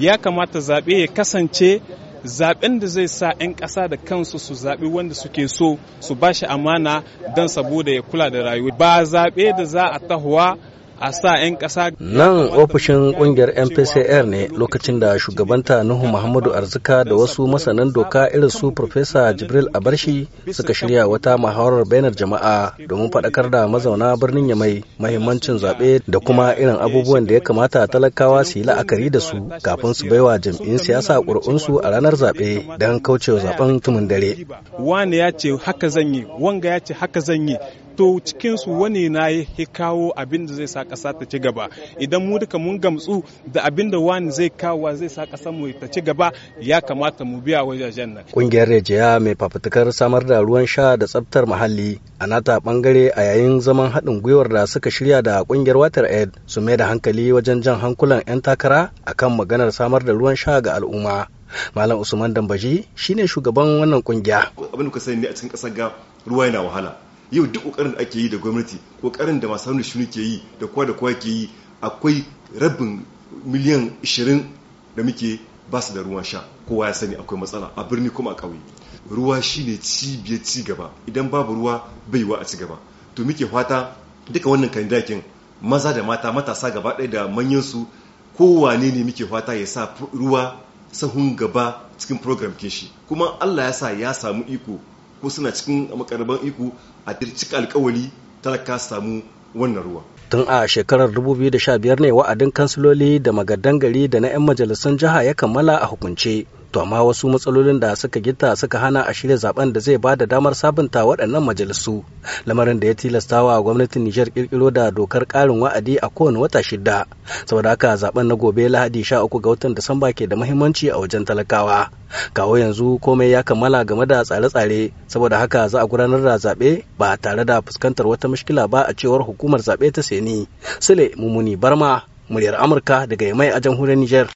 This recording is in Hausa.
ya kamata zaɓe ya kasance zaɓen da zai sa 'yan ƙasa da kansu su zaɓi wanda suke so su ba shi amana don saboda ya kula da rayuwa ba zaɓe da za a tahuwa a sa 'yan ƙasa. Nan ofishin ƙungiyar MPCR ne lokacin da shugabanta Nuhu Muhammadu Arzika da wasu masanan doka irin su Profesa Jibril Abarshi suka shirya wata muhawarar bainar jama'a domin faɗakar da mazauna birnin Yamai mahimmancin zaɓe da kuma irin abubuwan da ya kamata talakawa su yi la'akari da su kafin su baiwa jam'in siyasa ƙuri'unsu a ranar zaɓe don kaucewa zaɓen tumin dare. Wani ya ce haka zan yi, wanga ya ce haka zan yi, to cikinsu wani na ya kawo abin da zai sa ƙasa ta ci gaba idan mu duka mun gamsu da abin da wani zai kawo zai sa ƙasa mu ta ci gaba ya kamata mu biya wajajen nan kungiyar rejiya mai fafutukar samar da ruwan sha da tsabtar muhalli a nata bangare a yayin zaman haɗin gwiwar da suka shirya da kungiyar water aid su mai da hankali wajen jan hankulan 'yan takara akan maganar samar da ruwan sha ga al'umma malam usman dambaji shine shugaban wannan kungiya abin da ka sani ne a cikin ƙasar ga ruwa yana wahala yau duk kokarin da ake yi da gwamnati ƙoƙarin da masu hannun shuni ke yi da kowa da kowa ke yi akwai rabin miliyan 20 da muke ba su da ruwan sha kowa ya sani akwai matsala a birni kuma a ƙauye ruwa shine cibiyar ci gaba idan babu ruwa baiwa a ci gaba to muke fata duka wannan kandidakin maza da mata matasa gaba ɗaya da manyan su kowane ne muke fata ya sa ruwa sahun gaba cikin program ke shi kuma Allah ya sa ya samu iko ko suna cikin makarban iko a cika alkawali talaka samu wannan ruwa tun a shekarar 2015 ne wa'adin kansiloli da magadan gari da na 'yan majalisun jiha ya kammala a hukunce to amma wasu matsalolin da suka gita suka hana a shirya zaben da zai bada damar sabunta waɗannan majalisu lamarin da ya tilasta wa gwamnatin Nijar kirkiro da dokar ƙarin wa'adi a kowane wata shida saboda haka zaben na gobe Lahadi uku ga watan Disamba ke da mahimmanci a wajen talakawa kawo yanzu komai ya kammala game da tsare-tsare saboda haka za a gudanar da zaɓe ba tare da fuskantar wata mushkila ba a cewar hukumar zaɓe ta Seni Sule Mumuni Barma muryar Amurka daga Yamai a jamhuriyar Nijar